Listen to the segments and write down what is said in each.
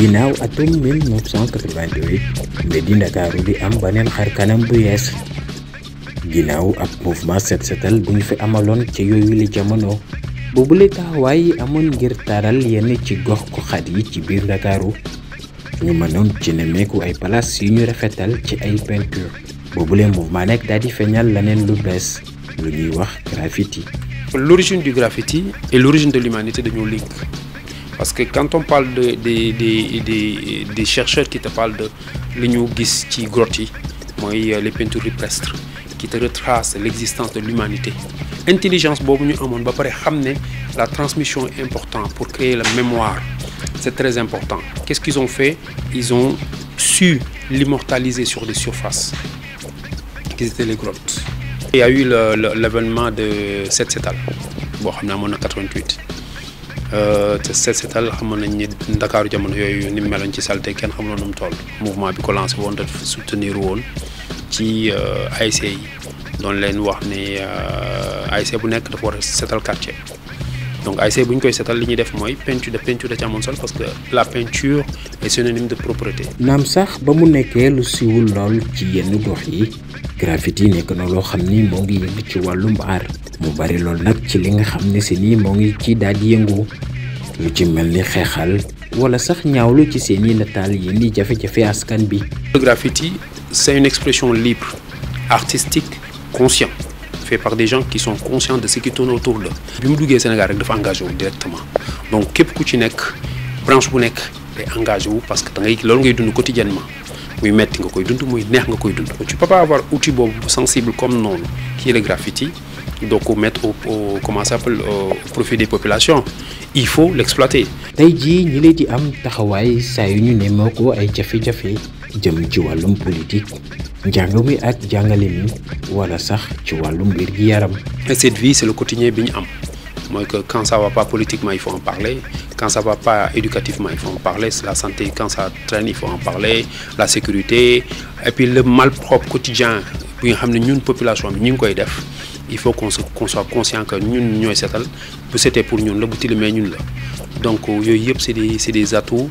binau atun mil 1988 medina di am baneen xar kanam bu yees ginaaw ab mouvement set setal buñ fi amaloon ci yooyu li jamono boobule taxawaay yi amoon ngir taaral yenn ci gox ko xat yi ci biir ndakaaru ñu mënoon ci nemeeku ay place yu ñu rafetal ci ay peinture boobule mouvement nekk daal di feeñal laneen lu bees lu ñuy wax graffiti l'origine du graffiti et l'origine de l'humanité dañoo link Parce que quand on parle des chercheurs qui te parlent de l'Union qui grotti, euh, les peintures rupestres, qui te retracent l'existence de l'humanité. Intelligence, la transmission est importante pour créer la mémoire. C'est très important. Qu'est-ce qu'ils ont fait Ils ont su l'immortaliser sur des surfaces qui étaient les grottes. Il y a eu l'avènement de cette cétale. en 88. Euh, te seet seetal nañ ni Ndakaaru jamono yooyu ni mu meloon ci salte kenn xamuloon nu mu toll. mouvement bi ko lancé woon te soutenir woon ci euh, ASC e yi doon leen wax ni euh, ASC e bu nekk dafa war a seetal quartier. donc ASC bu ñu koy sétal li ñuy def mooy peinture de peinture de ci amoon solo parce que la peinture est synonyme de propreté. naam sax ba mu nekkee lu siiwul lool ci yenn gox yi graffiti nekk na loo xam ni moo ngi yëngu ci wàllum aar mu bari lool nag ci li nga xam ne si nii moo ngi ci daal di yëngu lu ci mel ni xeexal wala sax ñaawlu ci seen i nataal yi ni jafe-jafe askan bi. le graffiti c'est une expression libre artistique consciente fait par des gens qui sont conscients de ce qui tourne autour d'eux bi mu Sénégal rek dafa engagé directement donc képp ku ci nekk branche bu nekk engagé parce que da ngay loolu ngay dund quotidiennement muy metti nga koy dund muy neex nga koy dund. tu peux pas avoir outil sensible comme non qui est le graffiti donc mettre au au comment ça s'appelle euh, au profit des populations il faut l'exploiter. Aujourd'hui, jii ñi leen di am taxawaay saa yu ñu ne moo ko ay jafe-jafe jëm ci politique cette vie c'est le quotidien que quand ça va pas politiquement il faut en parler quand ça va pas éducativement il faut en parler la santé quand ça traîne il faut en parler la sécurité et puis le propre quotidien bi population bi il faut qu'on soit conscient que ñun ñooy bu pour ñun donc des c'est des atouts.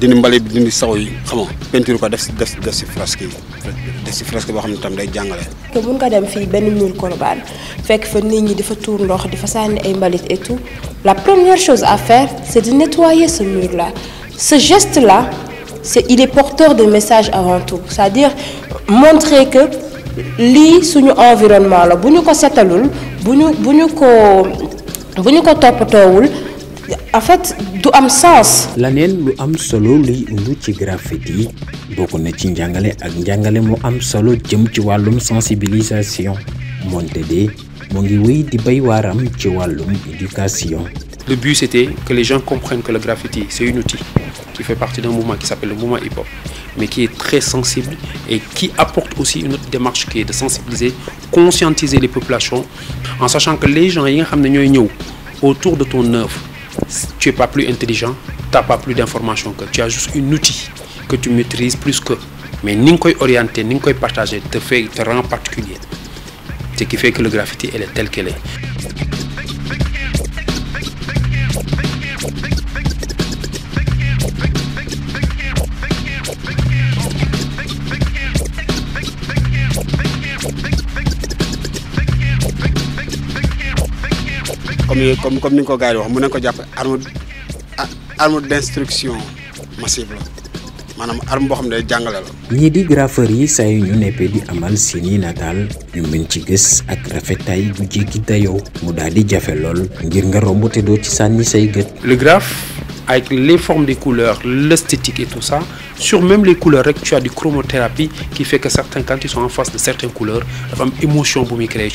dindi mbalé bi dindi saw yi xam nga peinture ko def def def ci fresque yi def ci fresque bo xam tam day jàngale. que mun nga dem fi ben mur Colobane fekk fa nit ñi difa tour ndox difa sànni ay mbalit et tout la première chose à faire c'est de nettoyer ce mur là ce geste là c'est il est porteur de message avant tout cest à dire montrer que li suñu environnement la bu ko sétalul buñu buñu bu ñu ko bu ko en fait du am sens. L'année lu am solo ci graffiti na ci ak am solo sensibilisation éducation. le but c'était que les gens comprennent que le graffiti c'est un outil qui fait partie d'un mouvement qui s'appelle le mouvement hip-hop mais qui est très sensible et qui apporte aussi une autre démarche qui est de sensibiliser conscientiser les populations en sachant que les gens yi nga autour de ton œuvre tu n'es pas plus intelligent, tu n'as pas plus d'informations que tu as juste un outil que tu maîtrises plus que. Mais ni orienté, ni partager te fait te rend particulier. Ce qui fait que le graffiti, est tel qu'elle est. ni comme comme ni nga ko gars wax mën nañu ko japp arme arme d'instruction massive la maanaam arme bo xam jangale jàngale la. ñii di graffeur yi saa ñu nepp di amal sini natal ñu mën ci gis ak rafetaay bu jéggi dayo mu daal di jafe lool ngir nga romb te doo ci sànni say geut le graphe avec les formes des couleurs, l'esthétique et tout ça. Sur même les couleurs, tu as du chromothérapie qui fait que certains, quand ils sont en face de certaines couleurs, la femme émotion pour créer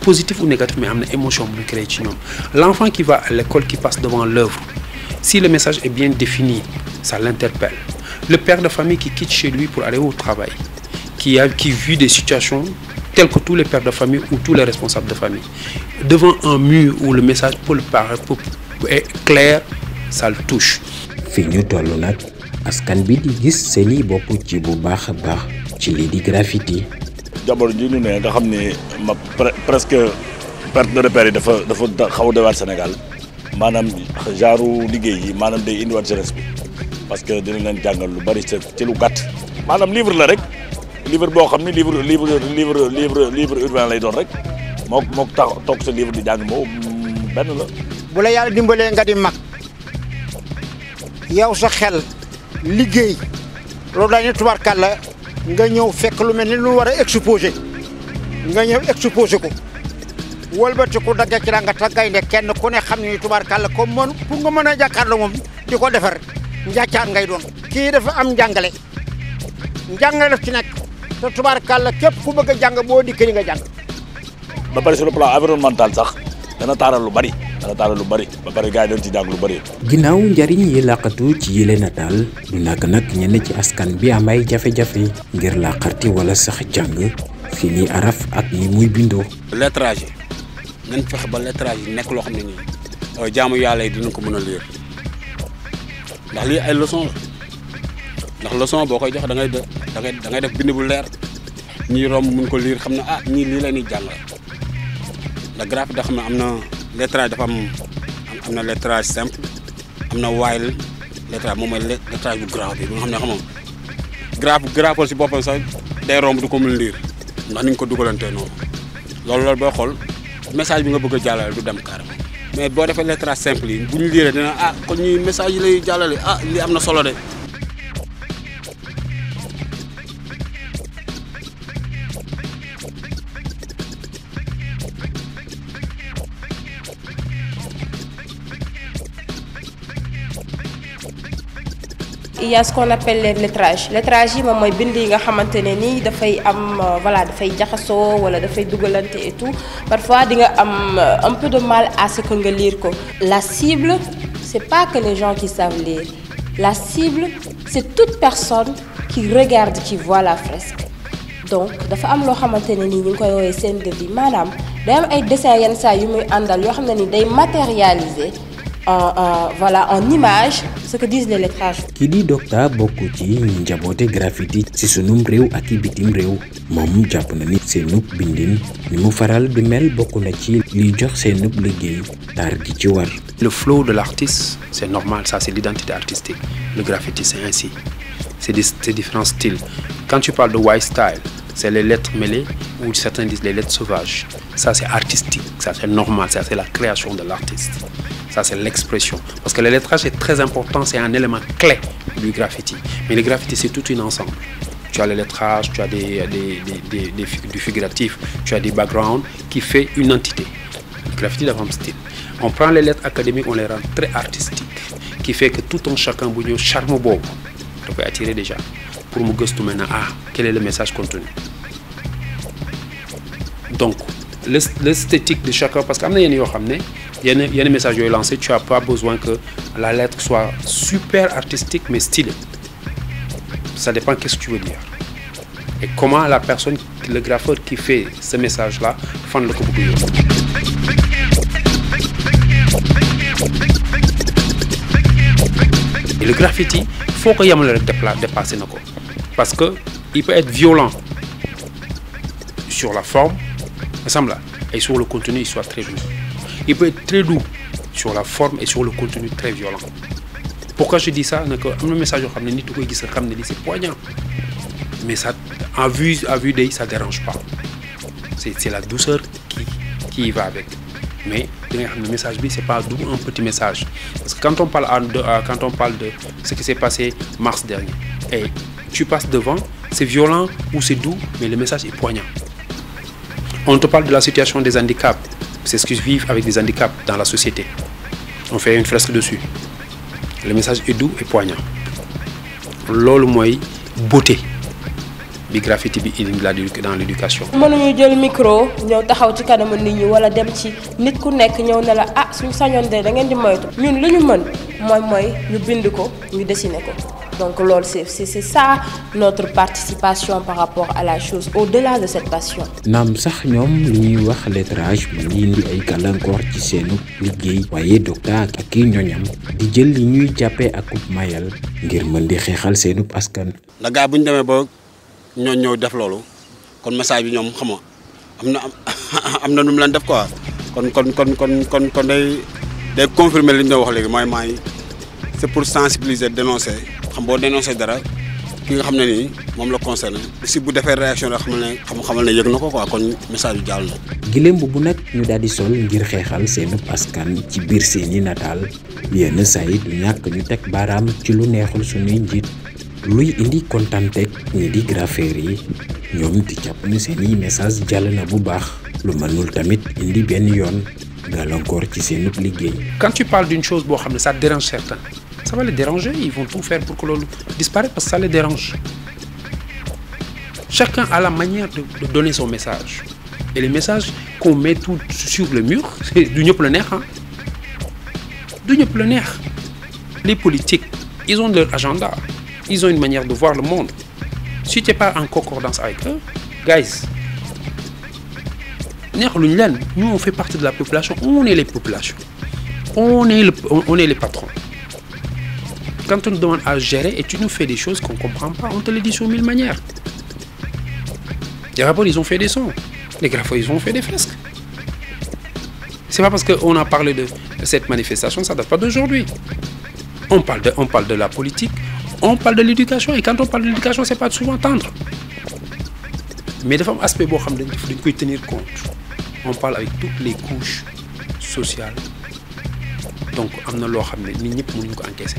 Positif ou négatif, mais une émotion pour créer L'enfant qui va à l'école, qui passe devant l'œuvre, si le message est bien défini, ça l'interpelle. Le père de famille qui quitte chez lui pour aller au travail, qui, a, qui vit des situations telles que tous les pères de famille ou tous les responsables de famille, devant un mur où le message pour le parent est clair, sal touche. fi ñu tollu nak askan bi di gis seeni bopp ci bu baax baax ci li di graffiti. jamono ji ñu ne nga xamni ni ma presque perte de repère dafa dafa xaw de dewaat Sénégal Manam jaru liggéey yi manam day indiwaat jeunesse bi parce que dina leen jangal lu bari ci lu gatt manam livre la rek livre bo xamni livre livre livre livre livre urbain lay doon rek. mok mok tok ce livre di jang mo mm, ben la. bu la yalla dimbalé nga di mak yow sa xel liggéey loolu dañu tubarkal la nga ñëw fekk lu mel ni lu war a exposé nga ñëw exposé ko wëlbati ku dagga ci nga tàggay ne kenn ku ne xam ne tubaar kàlla comme moom pour nga mën a jàkkaarloo moom di ko defar njàccaar ngay doon. kii dafa am njàngale njàngale ci nekk te tubarkal la képp ku bëgg a jàng boo dikkee nga jàng. ba pare sur le plan environnemental sax dana taaral lu bari. nataal lu ba pare gars yi lu ginnaaw njariñ yi làqatu ci yile nataal du nag nag ñenn ci askan bi am jafe-jafe ngir làqarti wala sax jàng fi ni araf ak ni muy bindoo. lettrage yi nañ fexe ba lettrage yi nekk loo xam ne nii jaamu yàlla yi dinañ ko mën a lire ndax lii ay leçon la ndax leçon boo koy jox da ngay da ngay da ngay def bind bu leer ñiy romb mun ko lire xam ne ah ñii lii la ñuy jàngal ndax graphe da xam ne am na. lettrage dafa am am na lettrage simple am na while lettrage moom mooy lettrage bu grave bi nga xam ne xam nga grave grave si boppam sax day romb du ko mën liir ndax ni ko dugalantee noonu loolu loolu boo xool message bi nga bëgg a jàllale du dem carrément mais boo defee lettrage simple yi bu liiree dina ah kon ñuy message yi lay jàllale ah lii am na solo de il y a ce qu'on appelle les lettrages lettrage C'est mooy bind yi euh, voilà et tout parfois di nga euh, un peu de mal à ce que lire la cible c'est pas que les gens qui savent lire la cible c'est toute personne qui regarde qui voit la fresque donc il am a xamante ni ñu koy de vie. dessins qui sont matérialiser en euh, en euh, voilà en image ce que disent les lettrages. Qui dit docteur bokk ci njaboote graffiti si sunum réew ak i bitim réew moom jàpp na ni seenub bindin ni mu faral di mel bokk ci liy jox seenub liggéey gi ci le flow de l'artiste c'est normal ça c'est l'identité artistique le graffiti c'est ainsi c'est c'est différents styles quand tu parles de white style c'est les lettres mêlées ou certains disent les lettres sauvages. Ça, c'est artistique, ça, c'est normal, ça, c'est la création de l'artiste. Ça, c'est l'expression. Parce que le lettrage est très important, c'est un élément clé du graffiti. Mais le graffiti, c'est tout un ensemble. Tu as le lettrage, tu as des, des, du figuratif, tu as des backgrounds qui fait une entité. Le graffiti d'avant style. On prend les lettres académiques, on les rend très artistiques, qui fait que tout en chacun, charme tu peut attirer déjà pour ah, quel est le message contenu donc l'esthétique de chacun parce qu'il y a des messages yene message tu as pas besoin que la lettre soit super artistique mais stylée ça dépend qu'est-ce que tu veux dire et comment la personne le graffeur qui fait ce message là fan le coup le graffiti il faut que le le parce qu'il peut être violent sur la forme, et sur le contenu, il soit très doux. Il peut être très doux sur la forme et sur le contenu très violent. Pourquoi je dis ça Un message, c'est poignant. Mais ça, vue, à vue ça ne dérange pas. C'est la douceur qui, va avec. Mais le message, ce n'est pas doux, un petit message. Parce que quand on parle, de, euh, quand on parle de ce qui s'est passé mars dernier, et tu passes devant, c'est violent ou c'est doux, mais le message est poignant. On te parle de la situation des handicaps. C'est ce je vivent avec des handicaps dans la société. On fait une fresque dessus. Le message est doux et poignant. L'ol moi beauté bi graffiti bi dans l'éducation. micro donc c'est ça notre participation par rapport à la chose, au-delà de cette passion. Nam sax ñom li ñuy wax lettrage bi ñuy indi ay gàllankoor ci seenu liggéey waaye docteur ak kii ñoñam di jël li ñuy jàppee ak ub mayal ngir mën di xeexal seenub askan. ndax gars bu ñu demee ba ñooñ ñëw def loolu kon message bi ñoom xam nga am na am na nu mu leen def quoi kon kon kon kon kon kon day day confirmer li ñu wax léegi mooy maay c'est pour sensibiliser dénoncer xam boo dénoncé dara ki nga xam ne nii moom la concerné si bu defee réaction la xamal ne xam xamal ne yëg na ko quoi kon message bi jàll na. gileem bu bu nag ñu daal di sol ngir xeexal seenub askan ci biir seeni nataal yenn saa yi du ñàkk ñu teg baaraam ci lu neexul suñuy njiit luy indi kontaan teg ñi di graffeur yi ñoom di jàpp ne seeni message jàll na bu baax lu mënul tamit indi benn yoon gàllankoor ci seenub liggéey. quand tu parles d'une chose boo xam ne ça dérange certains ça va les déranger. Ils vont tout faire pour que l'on disparaisse parce que ça les dérange. Chacun a la manière de, donner son message. Et les messages qu'on met tout sur le mur, c'est du nyoplenaire. Hein? Du Les politiques, ils ont leur agenda. Ils ont une manière de voir le monde. Si tu n'es pas en concordance avec eux, guys, nous on fait partie de la population, on est les populations. On est, on est les patrons. Quand on nous demande à gérer et tu nous fais des choses qu'on ne comprend pas, on te les dit sur mille manières. Les rapports, ils ont fait des sons. Les graphos ils ont fait des fresques. C'est pas parce qu'on a parlé de cette manifestation, ça ne date pas d'aujourd'hui. On parle de, on parle de la politique, on parle de l'éducation. Et quand on parle de l'éducation, c'est pas souvent tendre. Mais des femmes aspect il faut faut tenir compte on parle avec toutes les couches sociales donc on a l'air nous ne encaisser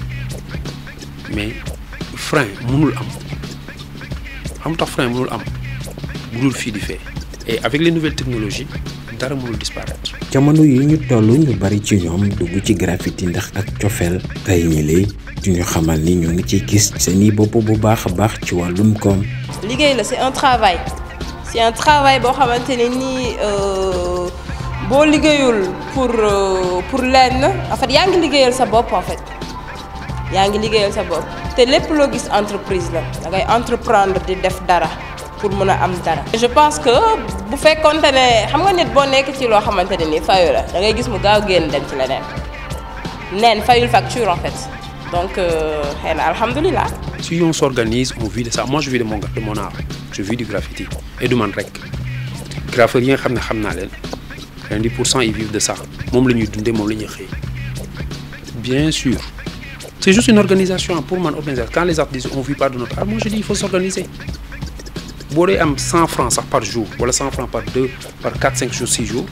mais frein mënul am am tax frein mënul am mënul fii di fee et avec les nouvelles technologies dara mënul disparaître. jamono yi ñu tollu ñu bari ci ñoom dugg ci graffiti ndax ak cofeel tay ñi lay du ñu xamal ni ñoo ngi ciy gis seeni bopp bu baax a baax ci wàllum koom. liggéey la c'est un travail c'est un travail boo xamante ne nii euh, boo liggéeyul pour euh, pour lenn en fait yaa ngi liggéeyal sa bopp en fait yangi ngi sa bop té lépp lo gis entreprise la da ngay entreprendre di def dara pour mëna am dara. je pense que bu fekkonte ne xam nga nit bo nekk ci lo xamanténi ne fayu la da ngay gis mu gaaw génn dem ci leneen neen fayul facture en fait donc euh, eh na ben, alhamdoulillah si on s'organise on vit de ça moi je vis de mon de mon art je vis du graffiti et du man rek graffeur yi nga xam ne xam naa ils vivent de ça mom lañuy dundé mom lañuy xey bien sûr. C'est juste une organisation. Pour mon quand les artistes ont vu par de notre art, moi je dis il faut s'organiser. Vous avez 100 francs par jour, voilà 100 francs par 2, par 4, 5 jours, 6 jours,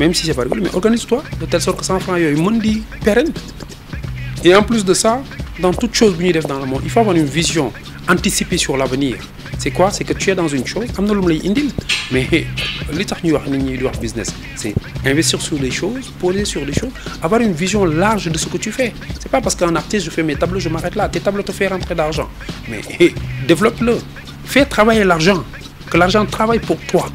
même si c'est pas rigolo, mais organise-toi de telle sorte que 100 francs, il monde pérenne. Et en plus de ça, dans toute chose dans le monde, il faut avoir une vision anticipée sur l'avenir. C'est quoi C'est que tu es dans une chose, mais li tax ñuy wax business c'est investir sur les choses, poser sur les choses, avoir une vision large de ce que tu fais. C'est pas parce qu'un artiste, je fais mes tableaux, je m'arrête là. Tes tableaux te font rentrer d'argent. Mais développe-le. Fais travailler l'argent. Que l'argent travaille pour toi.